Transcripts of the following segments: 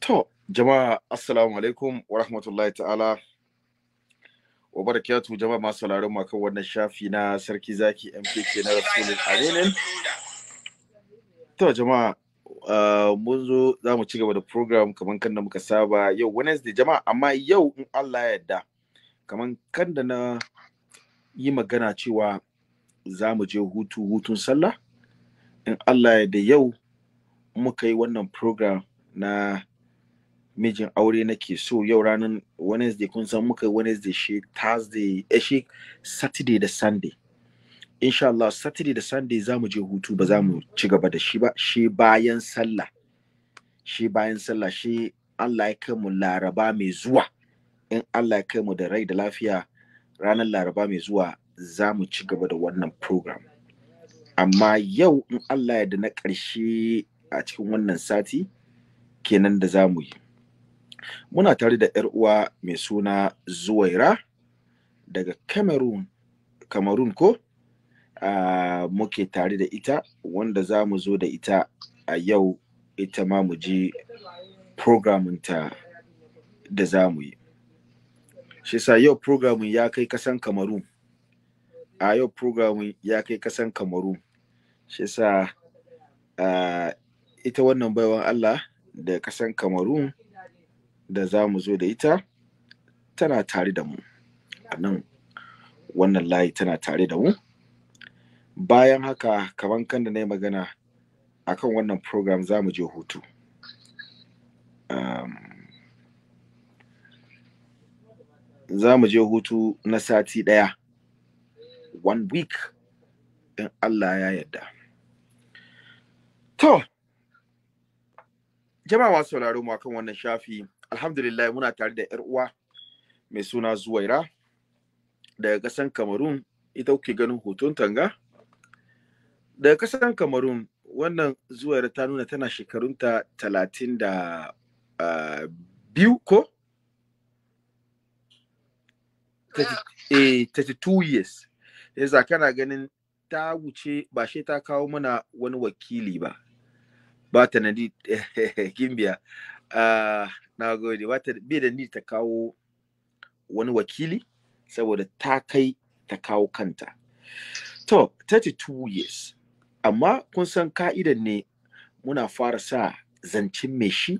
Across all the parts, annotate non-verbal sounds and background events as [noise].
To, jama'a assalamu alaikum wa rahmatullahi ta'ala wa barakatu jama'a masu sauraron mu wannan shafi na sarki zaki MPK na Rasulun Aminin. To jama'a uh, mun zo za mu ci gaba da program kamar kan da muka saba yau Wednesday jama'a amma yau in Allah ya yarda kamar kan da na yi magana cewa za mu je hutu hutun sallah in Allah ya yarda yau muka yi wannan program na mijin aure nake so yau ranar wednesday kun san muka wednesday shi thursday eh, shi saturday da sunday insha Allah saturday da sunday za mu je hutu ba za mu ci gaba da shi ba shi bayan sallah shi bayan sallah shi Allah ya kai mu laraba mai zuwa in Allah ya kai mu da rai da lafiya ranar laraba mai zuwa za mu ci gaba da wannan program amma yau in Allah ya da na ƙarshe a cikin wannan sati kenan da za mu yi muna tare da yar uwa mai suna zuwaira daga cameroon cameroon ko muke tare da ita wanda za mu zo da ita a yau ita ma mu ji programinta da za mu yi shi sa yau programin ya kai kasan cameroon a yau programin ya kai kasan cameroon shi sa ita wannan baiwan allah da kasan cameroon da za mu zo da ita tana tare da mu nan wannan layi tana tare da mu bayan haka kaman kan da na yi magana a kan wannan program za mu je hutu za mu je hutu na sati ɗaya one week in Allah ya yadda. to jama'a masu sauraro mu akan wannan shafi alhamdulillah muna tare da yar uwa mai suna zuwaira daga kasan kamarun ita kuke ganin hoton tanga daga kasan kamarun wannan zuwaira ta nuna tana shekarunta talatin da uh, biyu ko? 32 eh, years Yanzu kana ganin ta wuce ba shi ta kawo mana wani wakili ba ba ta nadi [laughs] eh, gimbiya Ah, na gode ba bai da ni ta kawo wani wakili saboda ta kai ta kawo kanta to 32 years amma kun san ka'idan ne muna fara sa zancen mai shi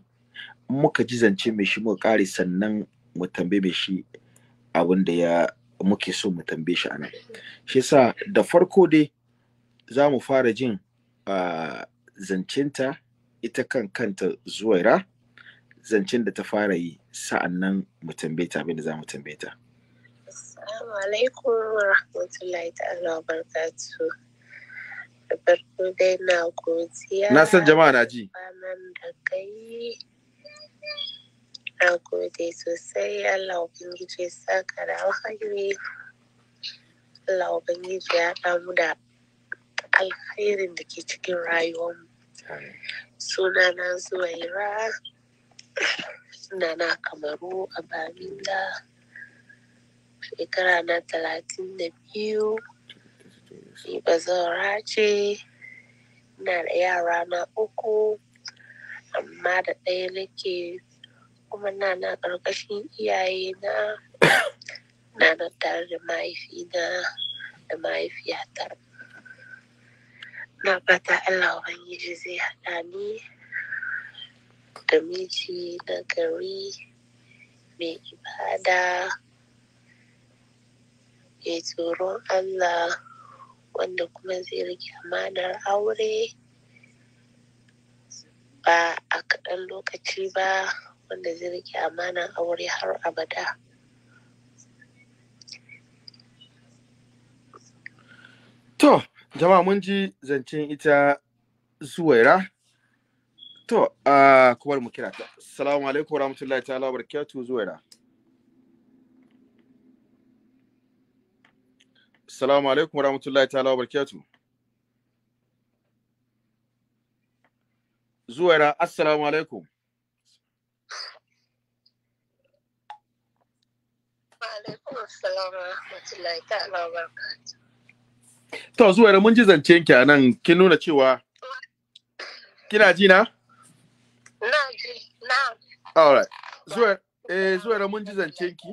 muka ji zancen mai shi muka kare sannan mu tambaye mai shi abin da ya muke so mu tambaye shi anan shi yasa da farko dai za mu fara jin ah, zancenta ita kan kanta zuwaira zancen da ta fara yi sa'an nan mu tambaye ta abin da za mu tambaye ta. Assalamu alaikum wa rahmatullahi ta'ala wa barkatu. Da farko dai na godiya. Na san jama'a na ji. Banan da kai. Na gode sosai Allah Ubangiji sa saka da alkhairi. Allah Ubangiji ya damu da alkhairin da ke cikin rayuwarmu. Sunana Zuwaira. suna kamaru a baminda shekara na talatin da biyu ni ce na da yara na uku amma da ɗaya nake kuma na na ƙarƙashin iyaye na na na tare da na da mahaifiyata na fata Allah wani zai haɗa ni da miji na gari mai ibada mai tsoron Allah wanda kuma zai rike amanar aure ba a kaɗan lokaci ba wanda zai rike amanar aure har abada. To, jama'a mun ji zancen ita Suwaira To, a kuma mu kira ta. Assalamu alaikum wa rahmatullahi ta'ala wa barakatuhu ra. Assalamu alaikum wa rahmatullahi ta'ala wa barakatuhu. ra, assalamu alaikum. To, zuwaira mun ji zancen ki a nan, kin nuna cewa kina ji na? All right. eh, zuwa mun ji zancen ki?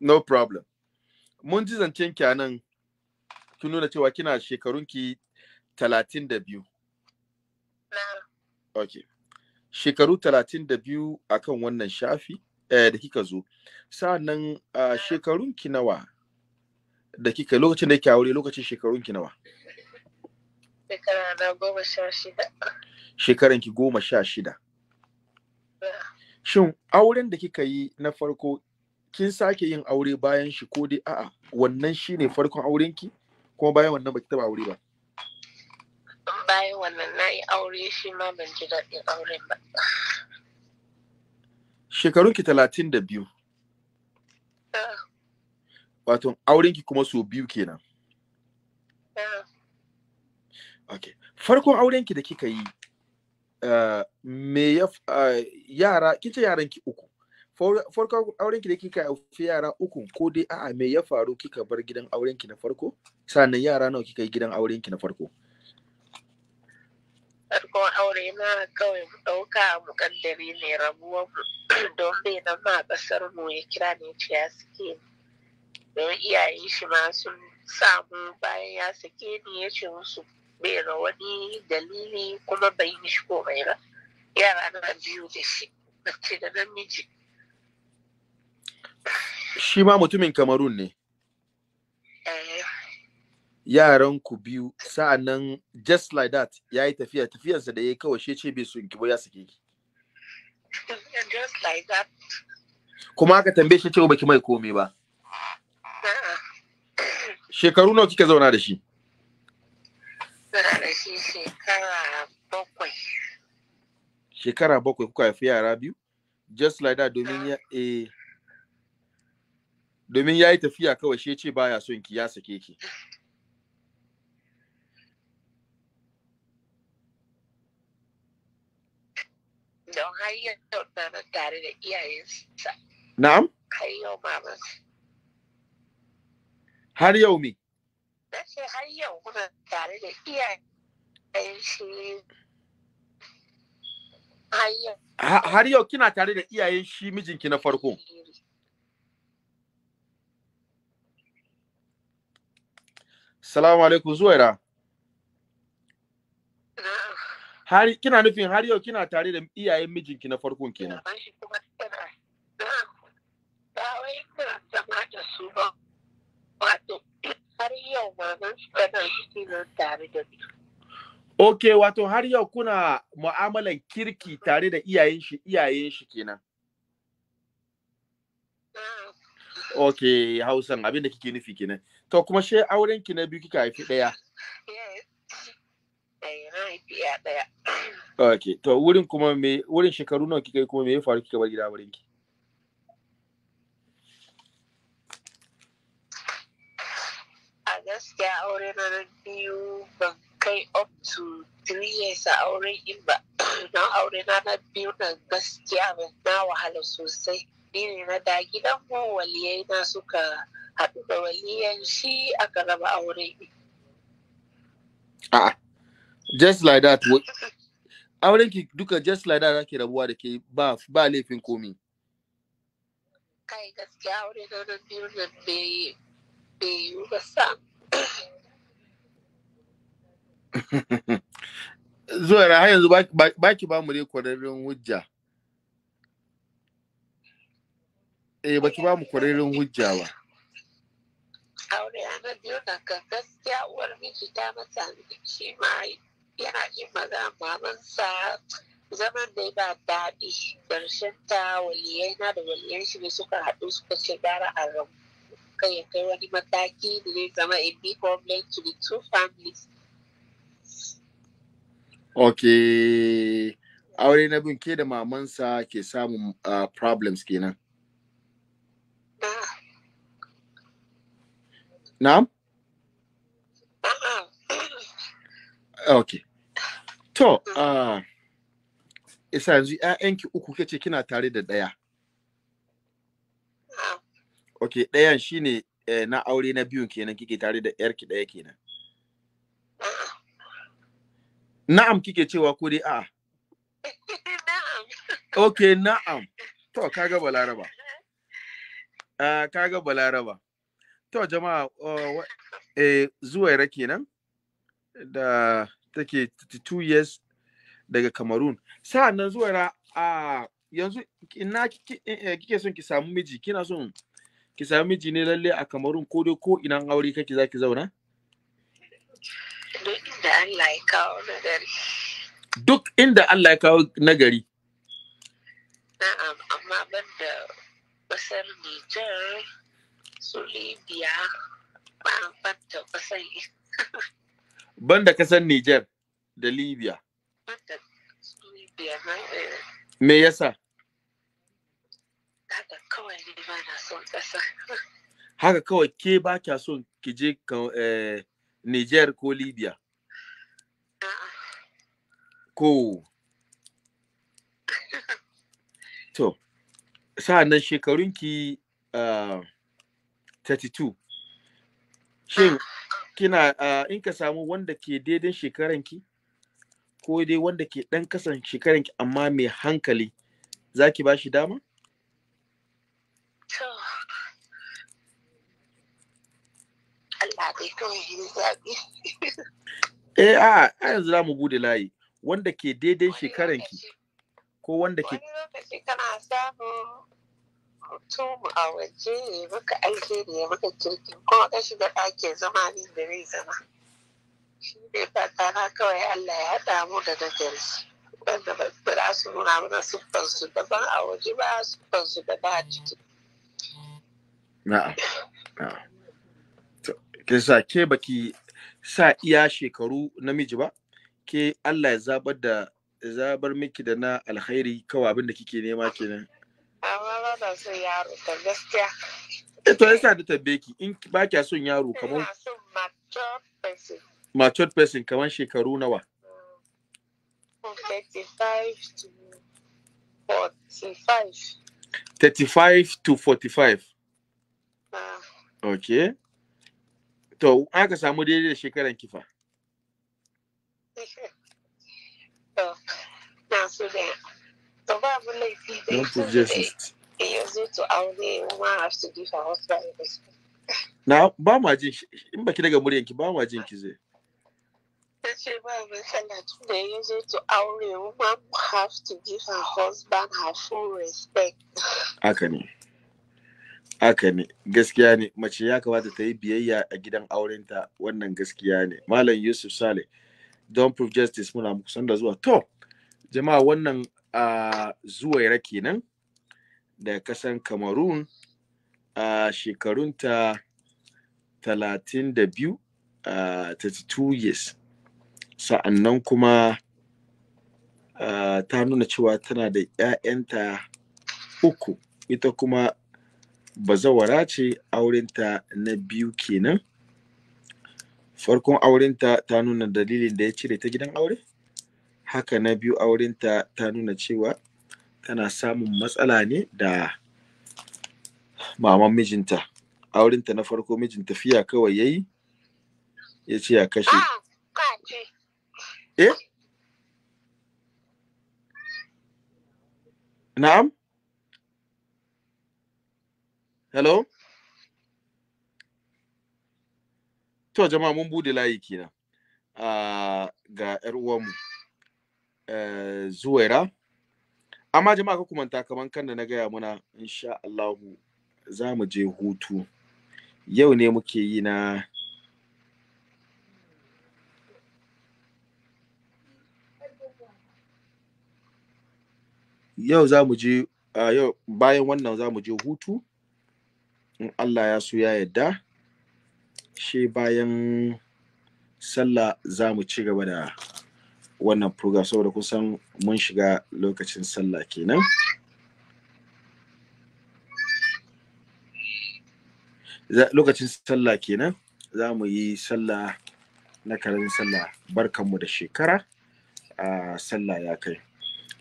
No problem. Mun ji zancen ki anan kin nuna cewa kina shekarun ki 32. Okay. Shekaru talatin da biyu a kan wannan shafi eh, da kika zo. Sa'annan uh, shekarun ki nawa da kika lokacin da kika aure lokacin shekarun ki nawa? Shekara na goma sha shida. Shekaran ki goma sha shida. Shin auren da kika yi na farko kin sake yin aure bayan shi ko dai a'a wannan shine farkon auren ki kuma bayan wannan baki taba aure ba. Bayan wannan na yi aure shi ma ban ji daɗin auren ba. Shekarunki talatin da biyu. Ah. Wato aurenki kuma so biyu kenan. Ah. okay. farkon aurenki da kika yi uh, me ya uh, yara kince yaran ki uku farkon aurenki da kika haifi yara uku ko dai a'a me ya faru kika bar gidan aurenki na farko sannan yara nawa kika yi gidan aurenki na farko farkon aure na kawai mu ɗauka mu kaddare ne rabuwar [clears throat] don bai nan ma ƙasar mu ya kira ne ya suke don iyaye shi ma sun samu bayan ya sake ni ya ce musu bera wani dalili kuma bai yi shi komai ba yara na biyu da shi mace da namiji shi ma mutumin kamarun ne eh. yaran ku biyu nan just like that ya yi tafiya tafiyarsa da ya yi kawai shi ce bai so ki ya sake ki [laughs] just like that kuma aka tambaye shi cewa baki mai komai ba shekaru nawa kika zauna da shi suna da shi shekara bakwai shekara bakwai kuka haifi yara biyu just like that domin ya eh domin ya yi tafiya kawai shi ce baya son ki ya sake ki don har yau na tare da iyayensa na'am har yau mamas har yau me na har yau muna tare da iyayen shi har yau kina tare da iyayen shi mijinki na farko salamu alaikum zuwaira har kina nufin har yau kina tare da iyayen mijinki na farkon kenan ba wai su ba wato Ok, wato har yau kuna mu'amalan kirki tare da iyayen shi iyayen shi kenan. Mm. Ok, Hausan abin da kike nufi kenan. To kuma she auren ki na biyu kika eh, haifi ɗaya. Ok, to wurin kuma me wurin shekaru nawa kika yi kuma me ya faru kika bar gida wurin ki? gaskiya aure na biyu ban kai up to three years a aure in ba [coughs] na aure na na biyu na gaskiya ban na wahala sosai ni ne na da gidan mu waliyai na suka haɗu da waliyan shi aka raba aure a'a just like that auren ki duka just like that ake rabuwa da ke ba ba laifin komi kai gaskiya aure na na biyu na bai bai yi ba sa zuwa har yanzu ba ki ba mu dai kwararren hujja eh ba ki ba mu kwararren hujja ba aure na biyu na ka gaskiya uwar miji ta masa shi ma yana jin magana sa. zaman da ba daɗi ƙarshen ta waliyai na da waliyan shi ne suka haɗu suka ce gara a rabu kan ya kai wani mataki da zai zama a big problem to the two families. Ok, aure na bin ke da mamansa ke samun uh, problems kenan. Ah. Na? Ah. Ok. To, uh, isa yanzu ‘ya'yanki uku kace kina tare da ɗaya. ok ɗayan shine eh, na aure na biyun kenan kike tare da yarki ɗaya kenan na'am kike cewa ko dai a'a ok na'am to kaga balaraba uh, ah, kaga balaraba to jama'a uh, eh, zuwaira kenan da take 32 years daga Cameroon. nan zuwa a ah, yanzu ina eh, kike son ki samu miji kina son ki sami miji ne lalle a kamarun ko dai ko ina aure kake za zauna? Duk inda Allah ya kawo nagari. Duk inda Allah ya kawo nagari. ban da Libya, [laughs] da Libya. Eh. Me yasa? Haka kawai Haka kawai ke ba kya son ki je eh, Niger ko Libya? Ko. [laughs] To, sa'annan shekarunki uh, ah, 32. Shin, kina uh, in ka samu wanda ke daidai shekaranki? Ko dai wanda ke ɗan kasan shekaranki amma mai hankali, za ki ba shi dama? kawai yi zaɓe. Eh a yanzu za mu bude layi wanda ke daidai shekaran ki ko wanda ke. Wani lokaci kana samun mutum a waje ne maka alheri ya maka kirki kuma ka shiga ɗakin zama ne da zai zama. Shi ne fatana kawai Allah ya haɗa mu da nagari. Wanda ba za su nuna mana siffansu daban a waje ba su da ba a ciki. Na'am. Na'am. ke sa ke baki sa iya shekaru namiji ba ke Allah ya zabar da zabar miki da na alkhairi kawai abin da kike nema kenan amma ba da son yaro ta gaskiya eh, to yasa da tabbe ki in ba kya son yaro kamar ina son person matured person kamar shekaru nawa 35 to 45 35 to 45 ah. okay To, aka samu daidai da shekaran kifa. [laughs] To, na su da babu laifi da ya zo to aure ma have to give her husband Na ba ma jin in baki daga muryanki ba ma jin ki zai. Ta ce ba mai salatu da ya zo to aure ma have to give her husband her full respect. Haka ne. Haka ne, gaskiya ne, mace ya kamata ta yi biyayya a gidan aurenta wannan gaskiya ne. Malam Yusuf Sale, Don Proof Justice muna muku sanda zuwa. To, jama'a wannan a zuwaira kenan da kasan kamarun a shekarunta talatin da biyu a 32 years. Sa'annan kuma ta nuna cewa tana da 'ya'yanta uku, ita kuma bazawara ce aurenta na biyu kenan farkon aurenta ta nuna dalilin da ya cire ta gidan aure haka na biyu aurenta ta nuna cewa tana samun matsala ne da maman mijinta aurenta na farko mijin tafiya kawai ya yi ya ce ya kashe ah, eh na'am hello to jama mun bude layi kina ah, ga yar uwanmu eh, zuwaira amma jama'a ka kumanta kaman kan da na gaya muna insha Allahu za mu je hutu yau ne muke yi na yau za mu je ah, bayan wannan za mu je hutu in Allah ya so ya yadda shi bayan sallah za mu ci gaba da wannan program saboda kusan mun shiga lokacin sallah kenan lokacin sallah kenan za mu yi sallah na karin sallah barkanmu da shekara a sallah ya kai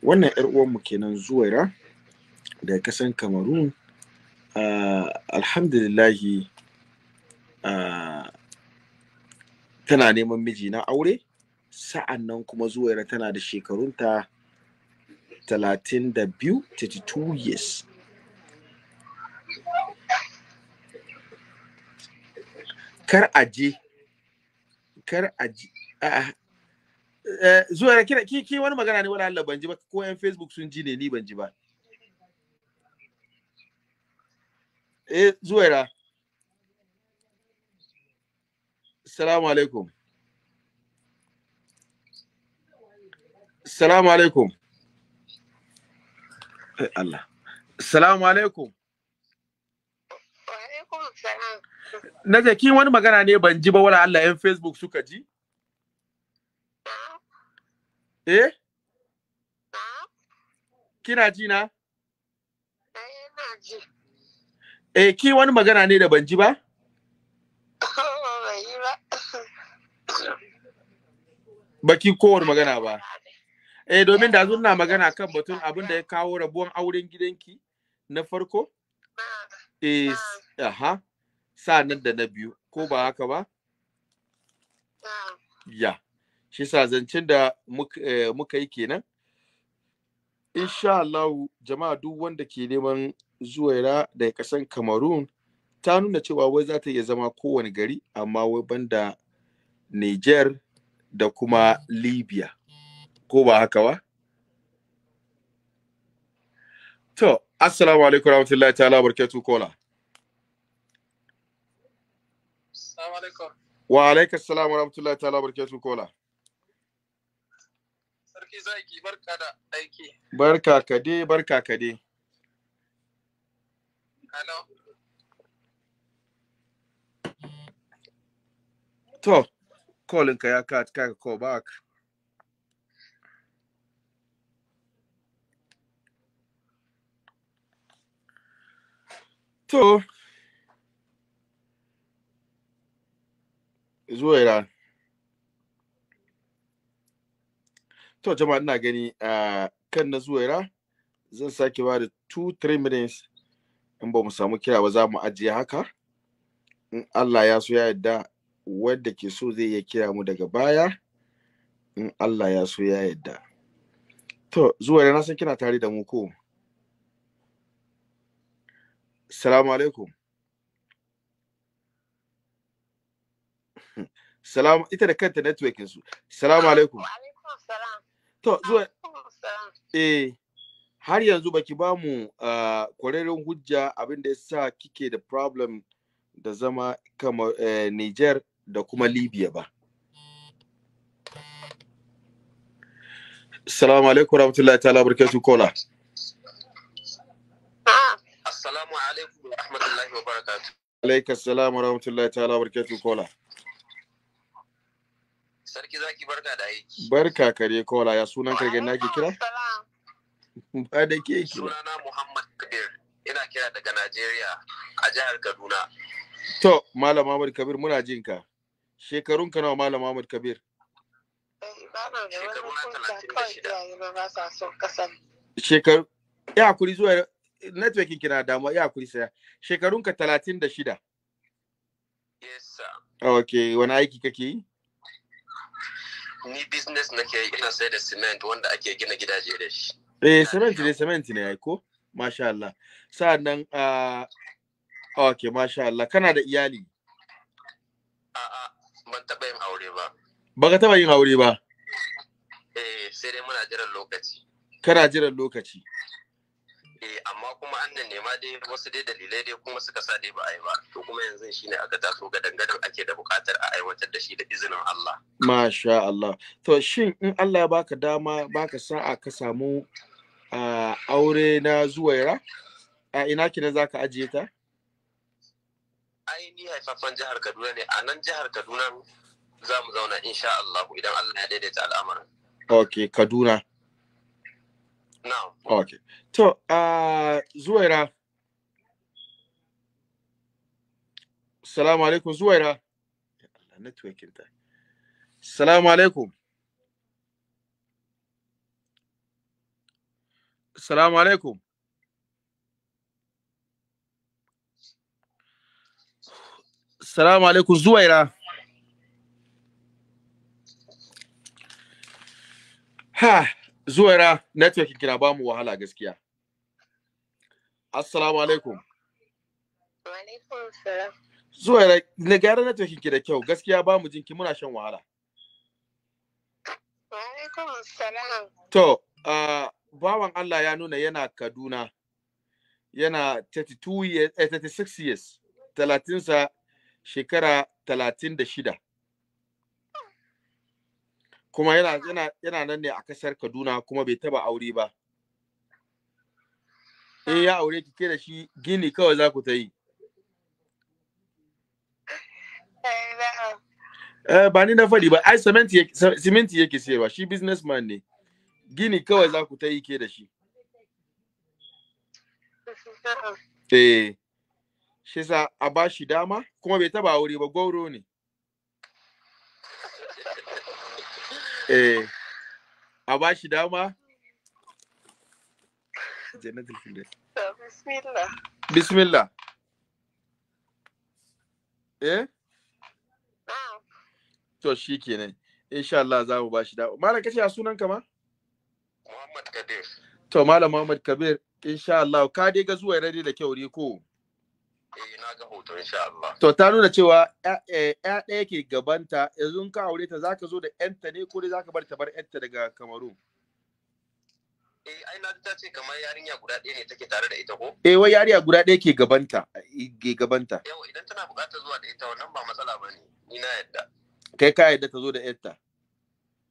wannan 'yar uwanmu kenan zuwaira daga kasan kamaru uh, alhamdulillahi uh, tana neman miji na aure sa'an nan kuma zuwaira tana da shekarunta 32 32 years kar aje kar aje a zuwa kina ki wani magana ne wani Allah ban ji ba ko yan Facebook sun ji ne ni ban ji ba eh zuwaira salamu alaikum salamu alaikum Allah salamu alaikum na jaki wani magana ne ban ji ba wala Allah yan facebook suka ji eh kina ji na ji Eh, ki wani magana ne da ban ji ba? Baki kowane magana ba. Eh, domin da na magana kan batun abin da ya kawo rabuwan auren gidanki na farko? Eh, aha, sa nan da na biyu, ko ba haka ba? Ya, shi sa zancen da muka eh, yi kenan? Insha Allah, jama'a duk wanda ke neman zuwaira daga kasan cameroon ta nuna cewa wai za ta iya zama kowane gari amma wai banda niger da kuma libya ko ba haka ba to assalamu alaikum rahmatullahi ta'ala barkatu kola wa alaikum assalam wa rahmatullahi ta'ala barkatu kola sarki zaki barka da aiki barka kade barka kade Hello. To, kolinka ya kaka ka call back. To, zuwa To, jama'a ina gani eh, kan na zuwa zan sake ba da 2-3 minutes in ba mu samu kira ba za mu ajiye haka in Allah ya so ya yadda wadda ke so zai iya kira mu daga baya in Allah ya so ya yadda to zuwa da na san kina tare da mu ko salamu alaikum salamu ita da kanta networkin su salamu alaikum to zuwa eh har yanzu baki ba mu ah, kwararren hujja abinda ya sa kike da problem da zama kama eh, Niger da kuma Libya ba. Assalamu alaikum rahmatullahi ta'ala barkatu kola. Assalamu alaikum rahmatullahi wa barakatu. Alaikas salamu rahmatullahi ta'ala barkatu kola. Sarki zaki barka da aiki. Barka kare kola ya sunan kargen naki kira? Wa alaikum ba da ke ki sunana Muhammad Kabir ina kira daga Najeriya a jihar Kaduna to malam Ahmad Kabir muna jin ka shekarun ka nawa malam Ahmad Kabir eh, shekaru ya hakuri zuwa networking kina damuwa ya saya shekarun ka talatin da shida yes sir ok wani aiki kake yi ni business nake ina sai da cement wanda ake gina gidaje da shi eh cement ne cement ne ai ko masha Allah sa'annan a ah, okay masha Allah kana da iyali a'a ban taba yin aure ba baka taba yin aure ba eh sai dai muna jiran lokaci kana jiran lokaci eh amma kuma an nan nema dai wasu dai dalilai dai kuma suka sa dai ba a yi ba to kuma yanzu shine aka taso ga dangadan ake da buƙatar a aiwatar da shi da izinin Allah masha Allah to shin in Allah ya baka dama baka sa'a ka samu uh, aure na zuwaira a ina kina za ka ajiye ta? ni haifafan jihar kaduna ne a nan jihar kaduna za mu zauna insha Allah idan Allah ya daidaita al'amarin. ok kaduna no. ok to uh, zuwaira salamu alaikum zuwaira networking ta salamu alaikum Assalamu alaikum. Assalamu alaikum Zuwaira. Ha, Zuwaira, networking kina na mu wahala gaskiya. Assalamu alaikum. Wa alaikum salam. Zuwaira, na gyara networking ki da kyau, gaskiya ba mu jinki muna shan wahala. Wa alaikum salam. To, uh, bawan Allah ya nuna yana Kaduna yana 32 years, eh, 36 years talatinsa shekara 36 kuma yana, yana, yana nan ne a kasar Kaduna kuma bai taba aure ba in ya aure ki ke da shi gini kawai za ku ta yi eh, eh, ba ni na faɗi ba ai siminti yake sayarwa shi businessman ne gini kawai za ku ta yi ke da shi [laughs] eh shi sa a ba shi dama kuma bai taba wuri ba gwauro ne [laughs] eh a ba shi dama jannatul firdaus bismillah bismillah eh ah. to shikenan insha Allah za mu ba shi dama malam kashe a sunan ka ma Muhammad Kabir. To Malam Muhammad Kabir, insha Allah, ka dai ga zuwa rari da kyau ne ko? Eh na ga hoton insha Allah. To ta nuna cewa ya eh, ɗaya ke gabanta, yanzu ka aure ta zaka zo da ƴanta ne ko dai zaka bar ta bar ƴanta daga Kamaru? Eh ai na ta ce kamar yarinya guda ɗaya ne take tare da ita ko? Eh wai yarinya guda ɗaya ke gabanta, eh, ke gabanta. Yau idan tana buƙatar zuwa da ita wannan ba matsala bane, ni na yadda. Kai ka yadda ta zo da ƴanta.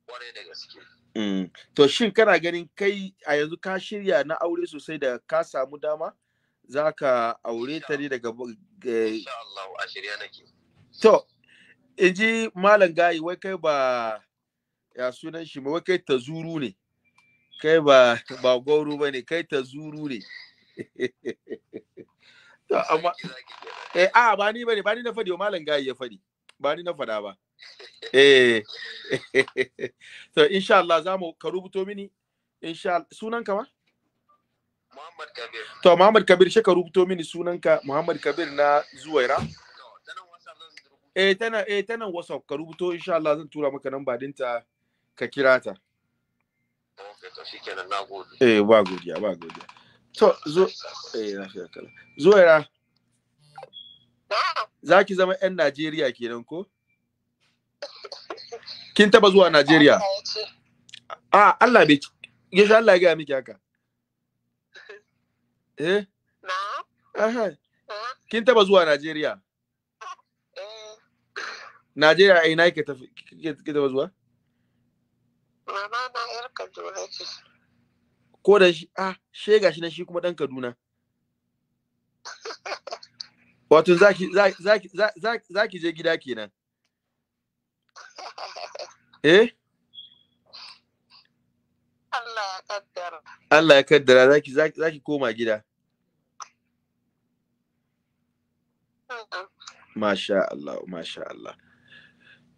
Kwarai da gaske. Mm. To shin kana ganin kai a yanzu ka shirya na aure sosai da ka samu dama za ka aure ta ne daga eh, a To, in ji Malam Gayi wai kai ba ya sunan shi wai kai ta zuru ne. Kai ba ba gauru ba ne, kai ta zuru ne. [laughs] amma eh a ba ni bane ba ni na fadi wa Malam Gayi ya fadi. ba ni na faɗa ba [laughs] eh [laughs] so insha Allah za mu ka rubuto mini insha sunan ka ma? Muhammad Kabir to Muhammad Kabir shi ka rubuto mini sunan ka Muhammad Kabir na Zuwaira eh tana eh tana WhatsApp ka rubuto insha Allah zan tura maka nan badinta ka kira ta Okay to shikenan nagode eh ba godiya ba godiya to zo eh lafiya kala Zuwaira Za ki zama 'yan Najeriya kenan ko? Kin taba zuwa Najeriya? A Allah bai ya sha Allah ya gaya miki haka. Eh? eh? Kin taba zuwa Najeriya? Eh. Najeriya a ina ke tafi taba zuwa? Mama na yar Kaduna ce. Ko da shi ah shega shi na shi kuma dan Kaduna. Wato za ki je gida kenan. [laughs] Eh? Allah ya kaddara. Allah ya kaddara za ki koma gida. Masha Allah, masha Allah.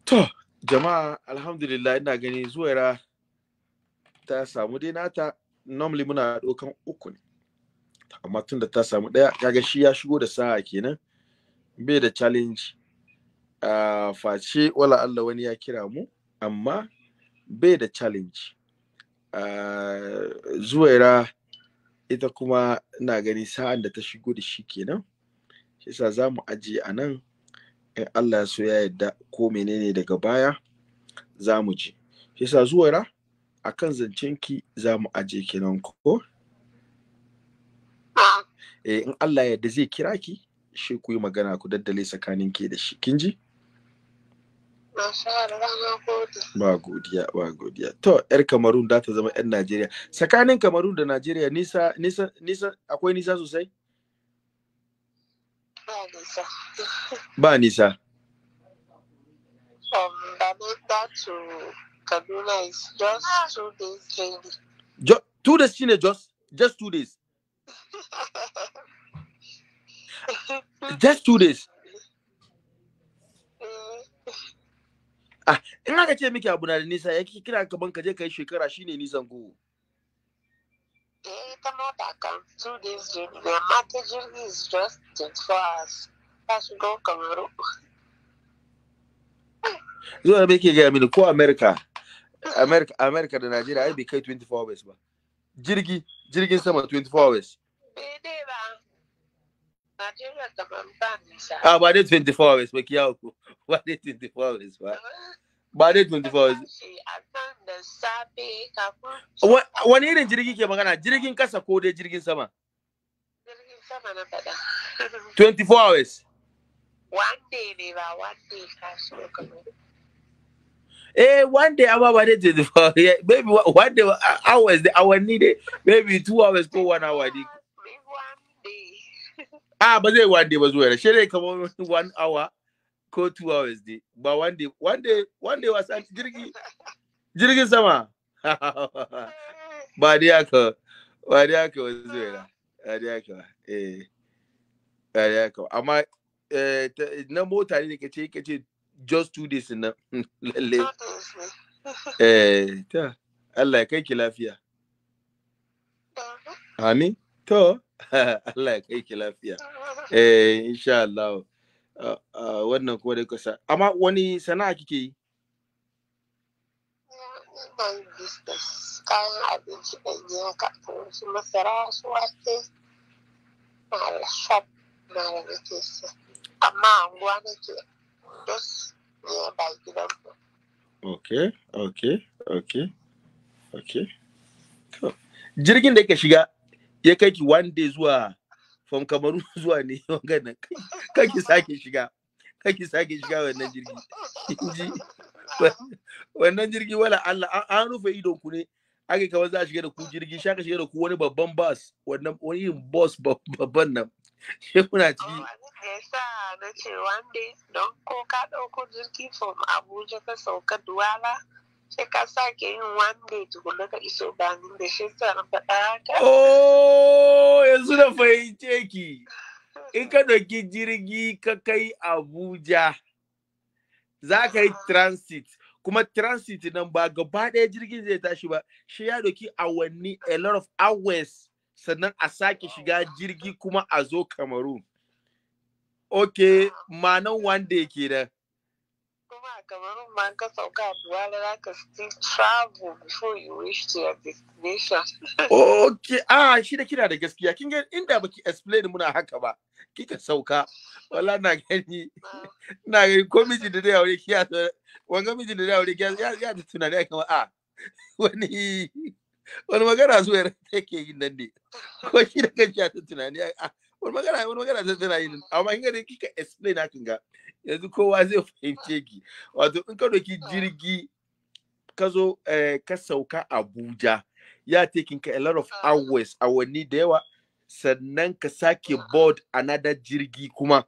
To, jama'a alhamdulillah ina gani zuwaira ta samu dai nata normally muna ɗaukan uku ne. amma tun da ta samu ɗaya kaga shi ya shigo da sa'a kenan bai da challenge a face wala Allah wani ya kira mu amma bai da challenge zuwaira ita kuma na gani sa'an da ta shigo da shi kenan shi yasa za mu ajiye a nan in Allah ya so ya yadda ko menene daga baya za mu ji shi yasa zuwaira akan zancenki za mu ajiye kenan ko Eh, in Allah ya da zai kira ki shi ku yi magana ku daddale tsakanin ke da shi kin ji ba godiya ba godiya to yar kamarun da ta zama yan najeriya tsakanin kamarun da najeriya nisa nisa nisa akwai nisa sosai ba nisa from um, Banita to Kaduna is just two days Jo- two days, just two days. [laughs] just two days mm. ah in aka ce miki abu na da nisa yake kira kaman ka je kai shekara shine nisan ko eh mota kan two days journey ke gaya mini ko america america da Najeriya, ai bai kai 24 jirgin sama 24 hours eh, Najeriya daban ba nisa. Ah, ba dai 24 hours ba kiyawo ko. [laughs] Ba dai 24 hours but. Ba dai 24 hours. Wani irin jirgi ke magana? Jirgin kasa ko dai jirgin sama? Jirgin sama na faɗa. 24 [laughs] hours. One day ne ba, one day ka so kamar. eh one day amma ba dai 24 hours. [laughs] maybe one day hours da awanni dai maybe two hours ko one hour ne a ah, ba zai one day ba zuwa yana, dai kamar [laughs] one hour ko two hours dai ba one day one day one day wasan jirgi jirgin sama [laughs] ba dai haka ba dai haka wasu zuwa ba dai haka eh ba dai haka amma eh, na mota ne kace kace just two days na [laughs] lalle eh ta Allah ya kai ki lafiya amin to [laughs] Allah ya kai ki lafiya. Eh insha Allah. wannan kuma dai kusa. Amma wani sana'a kike yi? Ban business kayan abinci da yin kafin su masara su wake na alshab na da nake sa. Amma anguwa nake dos ne ba gidan mu. Okay, okay, okay, okay. Jirgin da yake shiga ya kai ki one day zuwa from kamaru [laughs] zuwa ne wannan ki sake shiga kake sake shiga wannan jirgi [laughs] inji wannan jirgi wala Allah an rufe idon ku ne ake kawo za a shiga da ku jirgi shaka shiga da ku wani babban bus wannan wani yin bus [laughs] babban nan shi kuna ciki oh, yasa na ce one day don ko ka ɗauko jirgi from Abuja ka sauka Duwala sai ka sake yin one day tukuna ka iso banin da shi sa na faɗa haka. Oh, yanzu na fahimce ki. In ka ɗauki jirgi ka kai Abuja, za ka yi transit. Kuma transit nan ba gaba ɗaya jirgin zai tashi ba, shi ya ɗauki awanni a lot of hours sannan a sake shiga jirgi kuma a zo Cameroon. Okay, ah. manan one day kenan. zama a Cameroon ma ka sauka a Duwala za ka still travel before you reach to your destination. okay, ah shi da kina da gaskiya kin ga inda baki explain muna haka ba. Kika sauka wala na gani [laughs] na gani ko miji da dai aure kiya wanga miji da dai aure kiya ya ta tunani akan a wani wani magana zuwa take yin nan ne ko shi da kanki ta tunani a wani magana wani magana ta tunani amma kin ga kika explain hakan ga yanzu kowa zai fahimce ki wato in ka doki jirgi ka zo eh, ka sauka abuja ya taking ka a lot of hours awanni da yawa sannan ka sake board another jirgi kuma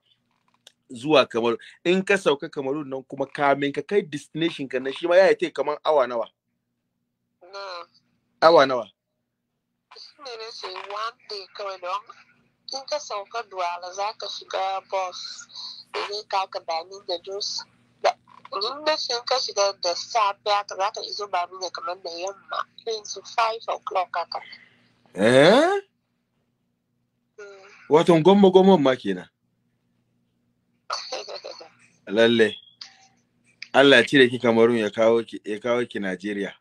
zuwa kamaru in ka sauka kamaru nan kuma kamin ka kai destination ka na shi ma ya take kamar awa nawa awa nawa ne na ce one day kawai don in ka sauka duwala za ka shiga bus rika ni da ka shiga da safe haka za ka iso ba da kamar da yamma 5 o'clock haka eh? mm. ma kenan [laughs] lalle Allah cire ki kamarun ya kawo ki ya kawo ki Najeriya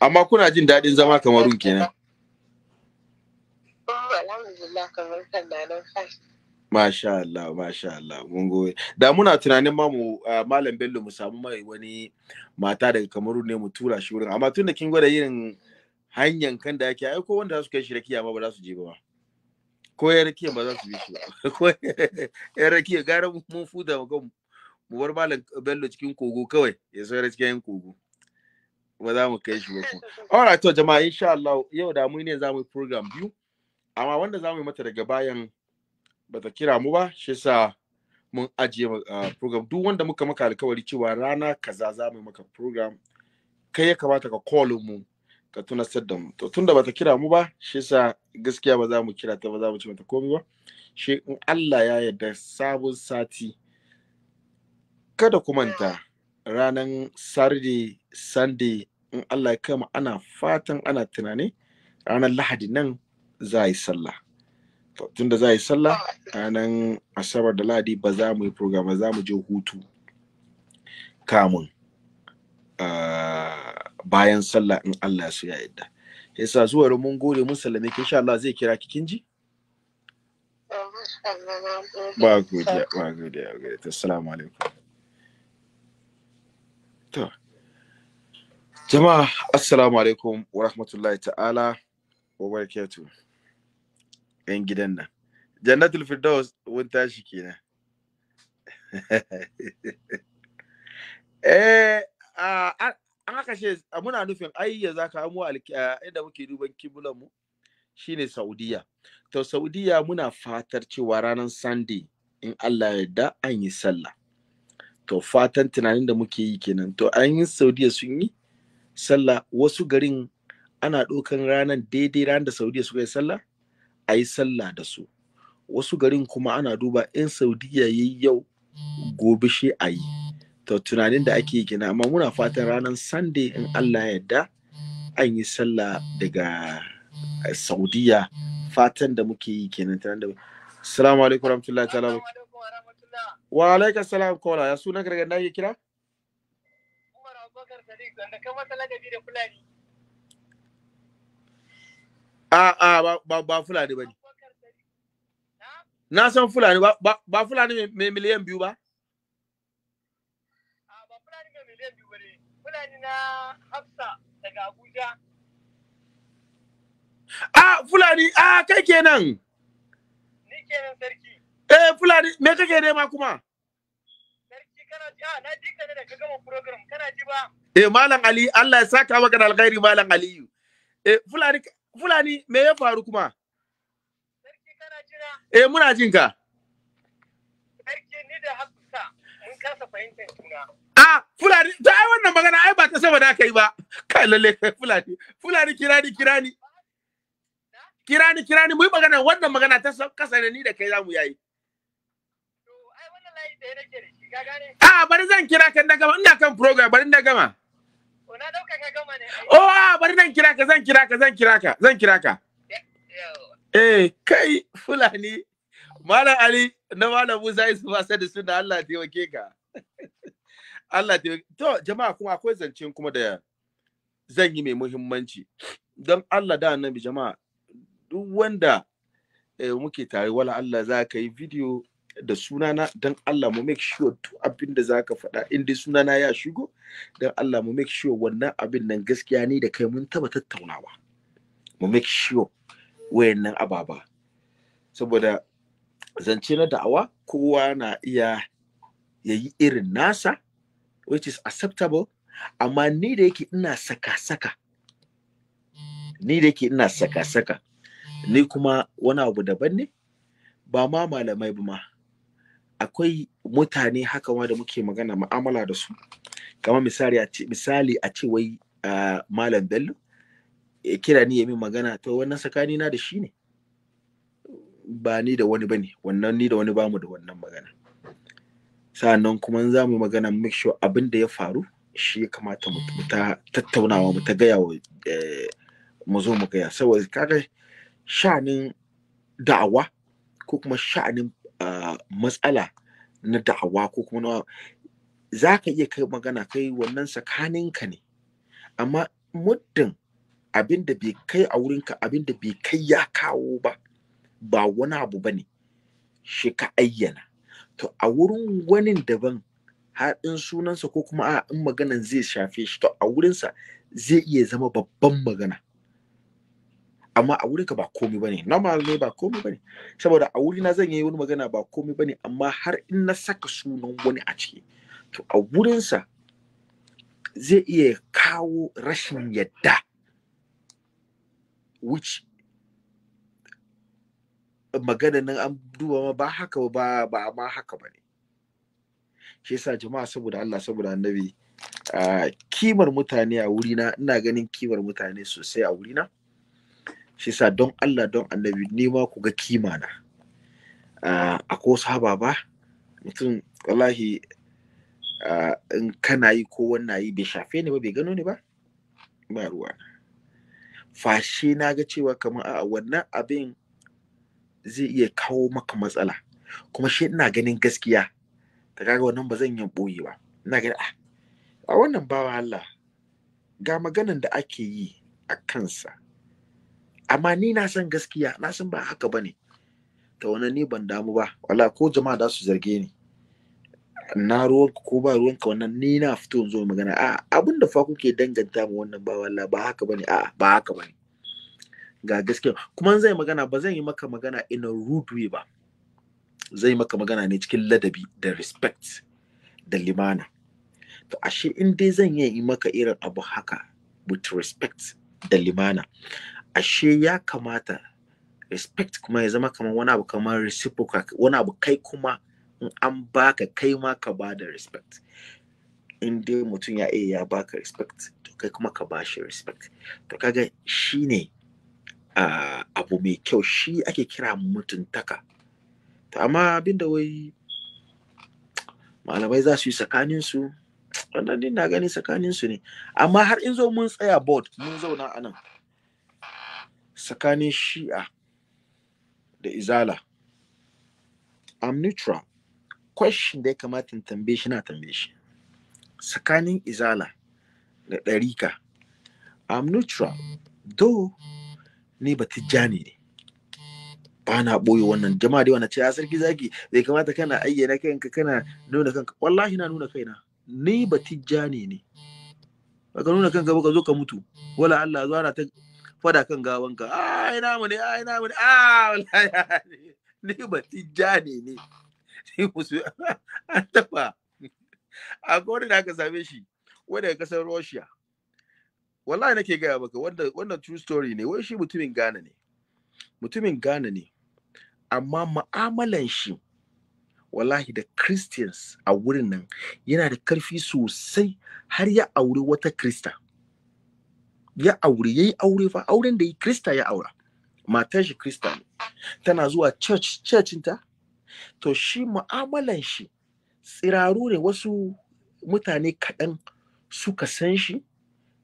amma kuna jin daɗin zama kamarun kenan alhamdulillah nan Masha Allah, Masha Allah, mun goyi. Da muna tunanin ma mu Malam Bello mu samu mai wani mata daga Kamaru ne mu tura shi wurin. Amma tunda kin gwada yin hanyar kan da yake aiko wanda za su kai shi rakiya ma ba za su je ba. Ko ya rakiya ba za su bi shi ba. [laughs] Ko ya rakiya gara mun fuda ga mu bar Malam Bello cikin kogo kawai ya saura cikin kogo. Ba za mu kai shi ba. All right to jama'a insha Allah yau da mu ne za mu yi program biyu. Amma wanda za mu yi mata daga bayan bata kira mu ba shi yasa mun ajiye ah, program duk wanda muka maka alkawari cewa rana kaza za mu maka program kai ya kamata ka call mu ka tuna da mu to tunda bata kira mu ba shi yasa gaskiya ba za mu kira ta ba za mu ci mata komai ba shi in Allah ya yarda sabon sati kada ku manta ranan Saturday Sunday in Allah ya kama ana fatan ana tunani ranan Lahadi nan za a yi sallah tunda za a yi sallah ranar asabar da ladi ba za mu yi program ba za mu je hutu kamun bayan sallah in Allah su ya yadda yasa zuwa mun gode mun sallame ki insha Allah zai kira ki ji? ba godiya ba godiya godiya assalamu alaikum to jama'a assalamu alaikum wa rahmatullahi ta'ala wa barakatuh 'yan gidan nan jannatul firdaus wun tashi kenan [laughs] eh an haka ce muna nufin ai ya zaka mu inda muke duban kibulan mu shine saudiya to saudiya muna fatar cewa ranar sunday in allah ya yarda an yi sallah to fatan tunanin da muke yi kenan to an yi saudiya sun yi sallah wasu garin ana ɗaukan ranar daidai ranar da saudiya suka yi sallah a yi sallah da su wasu garin kuma ana duba in saudiya ya yi yau gobe shi a yi to tunanin da ake gina amma muna fatan ranar sunday in allah yadda an yi sallah daga eh, saudiya fatan da muke yi kenan tunan da salamu alaikum warahmatullahi ta'ala wa alaikum salam kola ya suna gargada ya kira umar abubakar sadiq da kama talaga da fulani ah ah ba ba ba fulani bane na san fulani ba ba fulani mai miliyan biyu ba ba fulani me miliyan biyu bane fulani na hafsa daga abuja a fulani a kai kenan ni kenan sarki eh fulani me kake nema kuma sarki kana ji ah na ji kana da ka gama program kana ji ba eh malam ali Allah ya saka maka da alkhairi malam aliyu eh fulani Fulani me ya faru kuma? Sarki kana jira. Eh muna jin ka. Sarki ni da Hafsa mun kasa fahimtar juna. Ah Fulani ta ai wannan magana ai ba ta saba da kai ba. Kai lalle kai Fulani. Fulani kirani kirani. Kirani kirani mu yi magana wannan magana ta kasa da ni da kai zamu yayi. To ai wannan layi da yake da shi ka gane. Ah bari zan kira kan da gama ina kan program bari na gama. Oh, ah, bari nan kira ka, zan kira ka, zan kira ka, zan kira ka. Eh, kai Fulani, Malam Ali na Malam Musa Yusuf ba sai da suna Allah taimake ka. [laughs] Allah taimake. To, jama'a kuma akwai zancen kuma da zan yi mai muhimmanci. Don Allah da annabi jama'a, duk wanda eh, muke tare wala Allah za ka yi video da sunana don Allah mu make sure to abin da zaka faɗa in dai sunana ya shigo don Allah mu make sure wannan abin nan gaskiya ni da kai mun taba tattaunawa mu make sure wayannan ababa saboda zance na da'awa kowa na iya yayi irin nasa which is acceptable amma ni da yake ina saka-saka ni da yake ina saka-saka ni kuma wani abu daban ne ba ma malamai ba ma akwai mutane haka ma da muke magana ma'amala da su kamar misali a ce misali a ce wai malam bello ya kira ni ya min magana to wannan sakani na da shi ne ba ni da wani bane wannan ni da wani bamu da wannan magana sa'annan kuma za mu magana make sure abin da ya faru shi ya kamata mu ta tattaunawa mu ta gaya wa eh, mu zo mu gaya saboda kaga sha'anin da'awa ko kuma sha'anin matsala na da'awa ko kuma na za ka iya kai magana kai wannan tsakaninka ne amma muddin abin da bai kai a wurinka abin da bai kai ya kawo ba ba wani abu ba ne shi ka ayyana to a wurin wani daban har sunansa ko kuma a in maganan zai shafe shi to a wurinsa zai iya zama babban magana amma a wurinka ba komai bane normal ne ba komai bane saboda a wurina zan yi wani magana ba komai bane amma har in na saka sunan wani a ciki to a wurinsa zai iya kawo rashin yadda which magana nan an duba ma ba haka ba ba ma haka ba ne shi yasa jama'a saboda Allah saboda annabi ah, kimar mutane a wurina ina ganin kimar mutane sosai a wurina shi sa don Allah don annabi nema ku ga kima na a ko saba ba mutum wallahi in kana yi ko wannan yi bai shafe ni ba bai gano ni ba ba ruwa fashe na ga cewa kamar a wannan abin zai iya kawo maka matsala kuma shi ina ganin gaskiya ta kaga wannan ba zan yi boye ba ina ganin a wannan bawa Allah ga maganan da ake yi a kansa amma ni na san gaskiya na san ba haka ba ne ta wani ni ban damu ba wala ko jama'a da su zarge ni na ruwan ko ba ruwan ka wannan ni na fito in zo magana a abin da fa kuke danganta mu wannan ba wala ba haka bane a ba haka bane ga gaskiya kuma zai magana ba zan yi maka magana in a rude way ba zai maka magana ne cikin ladabi da respect da limana to ashe in dai zan yi maka irin abu haka with respect da limana ashe ya kamata respect kuma ya zama kamar wani abu kamar reciprocal wani abu kai kuma in an baka kai ma ka ba da respect in dai mutum ya iya ya baka respect to kai kuma ka ba shi respect to kaga shine uh, abu mai kyau shi ake kira mutuntaka to amma abinda wai malamai za su yi tsakaninsu? wannan din na gani tsakaninsu ne amma har in zo mun tsaya board mun zauna anan tsakanin shi'a da izala i'm neutral question da ya kamata in tambaye shi na tambaye shi tsakanin izala da ɗarika i'm neutral though ni ba tijjani ne ba na ɓoye wannan jama'a dai wannan ce a ah, sarki zaki bai kamata kana ayyana kanka kana nuna kanka wallahi na nuna kaina ni ba tijjani ne baka nuna kanka ba ka zo ka mutu wala Allah zuwa ta fada kan gawan ka ai mu ne ai mu ne ah wallahi [laughs] ni ba tijani ne ni musu [laughs] an tafa!" a gori da aka same shi wanda ya kasar Russia wallahi nake gaya maka wanda wannan true story ne wai shi mutumin Ghana ne mutumin Ghana ne amma mu'amalan shi wallahi da Christians a wurin nan yana da karfi sosai har ya auri wata Krista ya aure yayi aure fa auren da ya krista ya aura matar shi krista ne tana zuwa church ta to shi mu'amalan shi tsiraru ne wasu mutane kaɗan suka san shi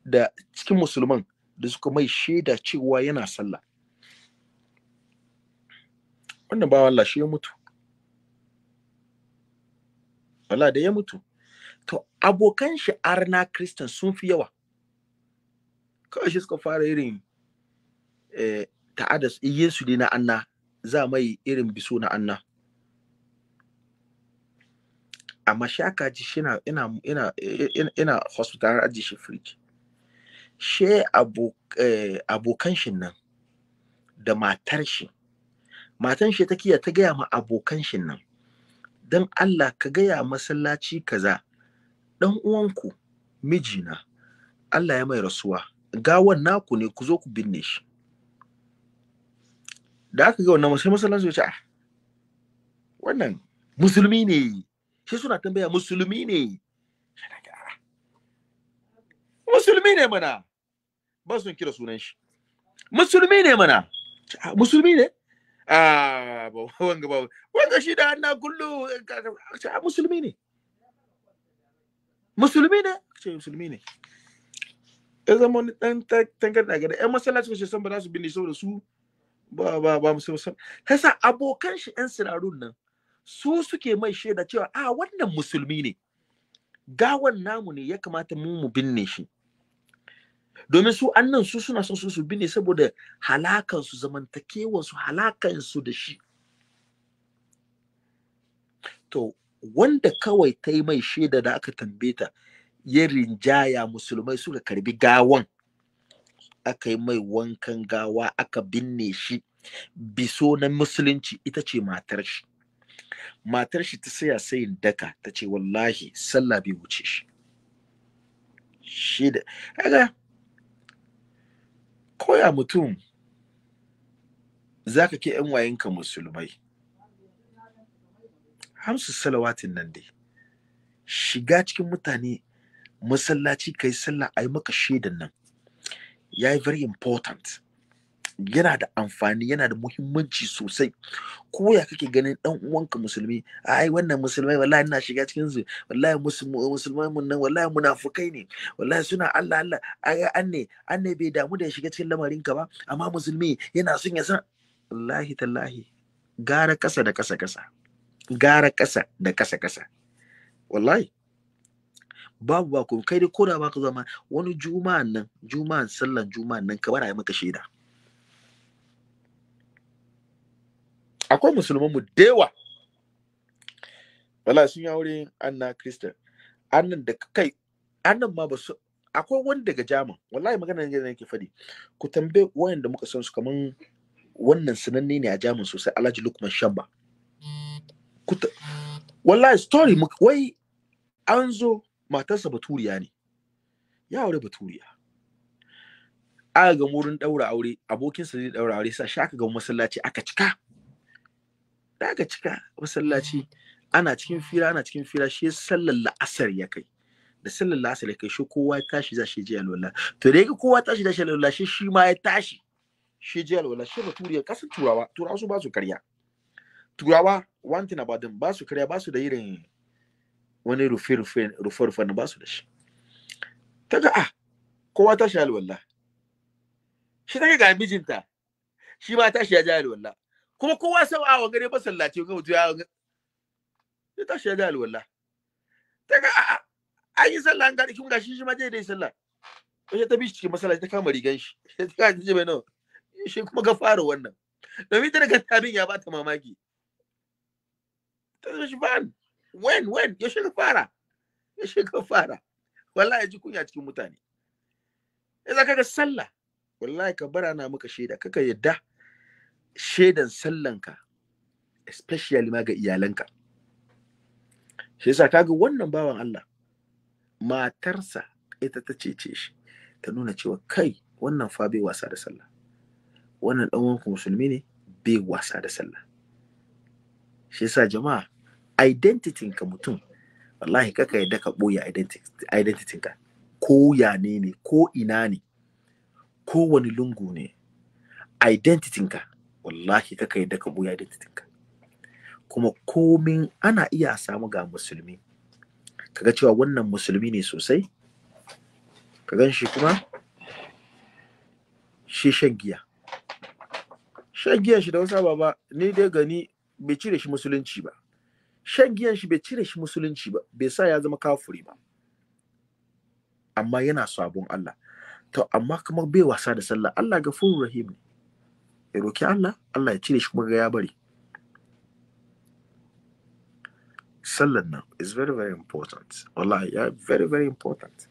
da cikin musulman da suka mai shaida cewa yana sallah wannan bawan Allah shi ya mutu wala da ya mutu to abokan shi arna kristan sun fi yawa kawai shi suka fara irin eh, ta'adas yesu dai na anna za mai irin biso na anna amma shi aka ji shi ina ina eh, hospital aji shi fridge she eh, abokan shi nan da matar shi matan shi ta kiya ta gaya ma abokan shi nan don Allah ka gaya masallaci kaza dan uwanku mijina Allah ya mai rasuwa gawan naku ne ku zo ku binne shi da aka ga wannan masu masallan su ce ah wannan musulmi ne shi suna tambaya musulmi ne ah, musulmi ne mana ba sun kira sunan shi musulmi ne mana ah, musulmi ne ah wanga ba wanga shi da hannu kullu ah, musulmi ne musulmi ne ce musulmi ne ya zama wani dan tangar da gari yan masallaci kashe san ba za su binne saboda su ba ba ba abokan shi yan sirarun nan su suke mai shaida cewa a wannan musulmi ne gawan namu ne ya kamata mu mu binne shi domin su annan su suna son su su binne saboda halakan su zamantakewan su halakan su da shi to wanda kawai ta yi mai shaida da aka tambaye ta ya rinjaya musulmai suka karbi gawan aka yi mai wankan gawa aka binne shi biso na musulunci ita ce matar shi matar shi ta saya sayin daka ta ce wallahi sallah bai wuce shi shi da koya mutum za zaka ke yan wayenka musulmai hamsu salawatin nan dai shiga cikin mutane masallaci kai sallah ai maka shaidan nan ya yi very important yana da amfani yana da muhimmanci sosai ko ya kake ganin dan uwanka musulmi ai wannan musulmai wallahi ina shiga cikin su wallahi musulmai mun nan wallahi munafukai ne wallahi suna Allah Allah ai anne anne bai damu da ya shiga cikin lamarin ka ba amma musulmi yana son ya san wallahi tallahi gara kasa da kasa kasa gara kasa da kasa kasa wallahi babu ba komai kai dai ko da ba ka zama wani juma'an nan juma'an sallan juma'an nan ka bara maka shaida akwai musulman mu da yawa wala sun yi aure anna kristan annan da kai annan ma ba su akwai wani daga jaman wallahi magana ne yake fadi ku tambaye wayanda muka san su kaman wannan sananne ne a jaman sosai alhaji lukman shamba wallahi story wai an zo matarsa baturiya ne ya aure baturiya aka ga wurin daura aure abokinsa zai daura aure sa shi aka ga masallaci aka cika da aka cika masallaci ana cikin fira ana cikin fira shi sallar la'asar ya kai da sallar la'asar ya kai shi kowa ya tashi za shi je alwala to da yake kowa tashi da shi alwala shi shi ma ya tashi shi je alwala shi baturiya kasar turawa turawa su ba su karya turawa one thing about them ba su karya ba su da irin wani rufe-rufe na ba su da shi ta ga a ah, kowa ta shi alwallah shi ta ga mijinta shi ma ta shi ya ji alwallah kuma kowa sau a wa gare masallaci ga mutu ya ya ta shi ya ji alwallah ta ga a ah, ah, an yi sallah an gani kuma gashi shi ma zai dai sallah wani ta bi cikin masallaci ta kama rigan shi [laughs] ta ga ji nan, nawa shi kuma ga fara wannan domin ta daga tabin ya ba ta mamaki ta shi ba when when ya shiga fara ya shiga fara wallahi ya ji kunya cikin mutane idan kaga sallah wallahi ka bara na maka shaida kaka yadda shaidan sallanka especially ma ga iyalanka shi yasa kaga wannan bawan Allah matarsa ita ta cece shi ta nuna cewa kai wannan fa bai wasa da sallah wannan dan uwanku musulmi ne bai wasa da sallah shi yasa jama'a identity ka mutum wallahi kaka yadda ka ɓoye identity ka ko ya ne ne ko ina ne ko wani lungu ne identity ka wallahi kaka yadda ka ɓoye identity ka kuma komin ana iya samu ga musulmi kaga cewa wannan musulmi ne sosai ka gan shi kuma shi shan giya shan giya shi da wasa ba, ni dai gani bai cire shi musulunci ba shan giyan shi bai cire shi musulunci ba bai sa ya zama kafuri ba amma yana sabon Allah to amma kuma bai wasa da sallah Allah gafurur rahim ne ya roki Allah Allah ya cire shi kuma ga ya bari sallan nan is very very important wallahi ya very very important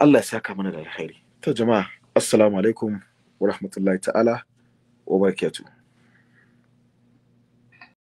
Allah ya saka mana da alkhairi to jama'a assalamu alaikum wa rahmatullahi ta'ala wa barakatuh